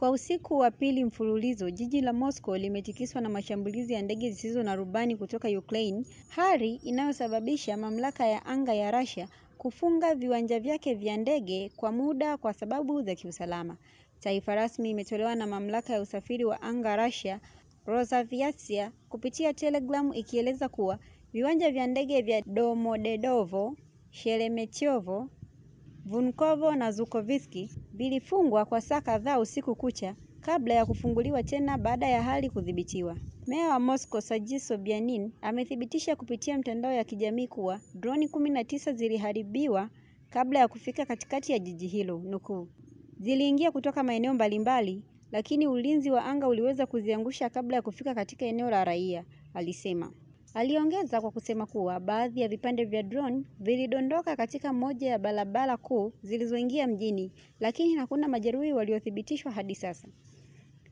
Kwa usiku wa pili mfululizo, jiji la Moscow limetikiswa na mashambulizi ya ndege zisizo na rubani kutoka Ukraine, hali inayosababisha mamlaka ya anga ya Russia kufunga viwanja vyake vya ndege kwa muda kwa sababu za kiusalama. Taarifa rasmi imetolewa na mamlaka ya usafiri wa anga Russia, Rosaviatsia, kupitia Telegram ikieleza kuwa viwanja vya ndege vya Domodedovo, Sheremetyevo, Vunkovo na Zukovsky vilifungwa kwa saa kadhaa usiku kucha kabla ya kufunguliwa tena baada ya hali kudhibitiwa. Meya wa Moscow Sergei Sobyanin amethibitisha kupitia mtandao ya kijamii kuwa droni kumi na tisa ziliharibiwa kabla ya kufika katikati ya jiji hilo, nukuu, ziliingia kutoka maeneo mbalimbali lakini ulinzi wa anga uliweza kuziangusha kabla ya kufika katika eneo la raia, alisema. Aliongeza kwa kusema kuwa baadhi ya vipande vya drone vilidondoka katika moja ya barabara kuu zilizoingia mjini lakini hakuna majeruhi waliothibitishwa hadi sasa.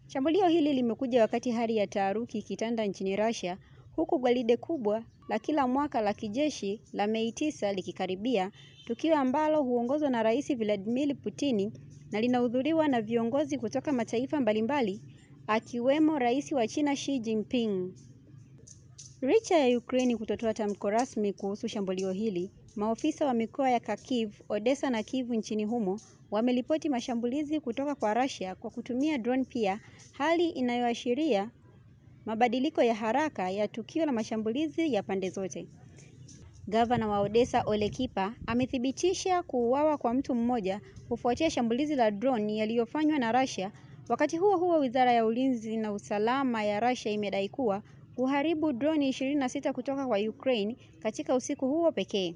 Shambulio hili limekuja wakati hali ya taharuki ikitanda nchini Russia huku gwaride kubwa la kila mwaka la kijeshi la Mei tisa likikaribia, tukio ambalo huongozwa na Rais Vladimir Putin na linahudhuriwa na viongozi kutoka mataifa mbalimbali akiwemo Rais wa China Xi Jinping. Licha ya Ukraine kutotoa tamko rasmi kuhusu shambulio hili, maofisa wa mikoa ya Kharkiv, odessa na Kyiv nchini humo wameripoti mashambulizi kutoka kwa Russia kwa kutumia drone pia, hali inayoashiria mabadiliko ya haraka ya tukio la mashambulizi ya pande zote. Gavana wa odessa Ole amethibitisha kuuawa kwa mtu mmoja kufuatia shambulizi la drone yaliyofanywa na Russia. Wakati huo huo, Wizara ya Ulinzi na Usalama ya Russia imedai kuwa kuharibu droni 26 kutoka kwa Ukraine katika usiku huo pekee.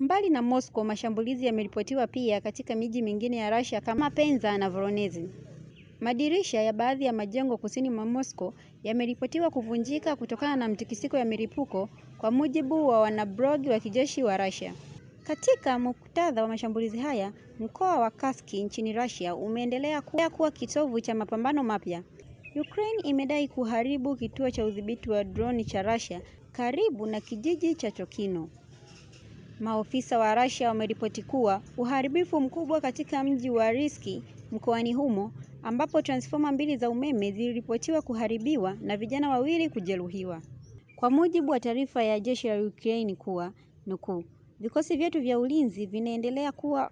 Mbali na Moscow, mashambulizi yameripotiwa pia katika miji mingine ya Russia kama Penza na Voronezh. Madirisha ya baadhi ya majengo kusini mwa Moscow yameripotiwa kuvunjika kutokana na mtikisiko ya milipuko, kwa mujibu wa wanablogi wa kijeshi wa Russia. Katika muktadha wa mashambulizi haya, mkoa wa Kursk nchini Russia umeendelea kuwa kitovu cha mapambano mapya. Ukraine imedai kuharibu kituo cha udhibiti wa droni cha Russia karibu na kijiji cha Chokino. Maofisa wa Russia wameripoti kuwa uharibifu mkubwa katika mji wa riski mkoani humo ambapo transfoma mbili za umeme ziliripotiwa kuharibiwa na vijana wawili kujeruhiwa. Kwa mujibu wa taarifa ya jeshi la Ukraine kuwa nukuu, vikosi vyetu vya ulinzi vinaendelea kuwa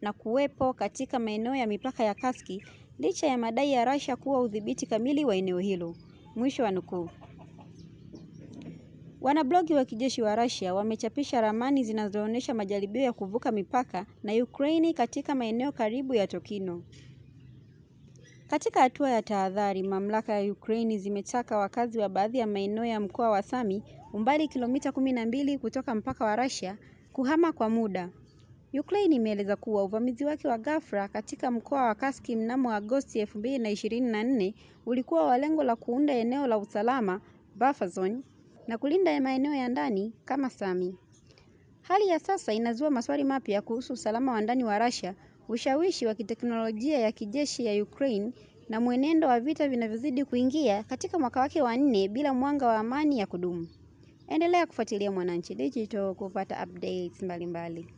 na kuwepo katika maeneo ya mipaka ya kaski licha ya madai ya Russia kuwa udhibiti kamili wa eneo hilo. Mwisho wa nukuu. Wanablogi wa kijeshi wa Russia wamechapisha ramani zinazoonyesha majaribio ya kuvuka mipaka na Ukraine katika maeneo karibu ya Tokino. Katika hatua ya tahadhari, mamlaka ya Ukraine zimetaka wakazi wa baadhi ya maeneo ya mkoa wa Sami, umbali kilomita 12 kutoka mpaka wa Russia, kuhama kwa muda. Ukraine imeeleza kuwa uvamizi wake wa ghafla katika mkoa wa kaski mnamo Agosti 2024 ulikuwa wa lengo la kuunda eneo la usalama buffer zone na kulinda maeneo ya ndani kama Sami. Hali ya sasa inazua maswali mapya kuhusu usalama wa ndani wa Russia, ushawishi wa kiteknolojia ya kijeshi ya Ukraine na mwenendo wa vita vinavyozidi kuingia katika mwaka wake wa nne bila mwanga wa amani ya kudumu. Endelea kufuatilia Mwananchi Digital kupata updates mbalimbali.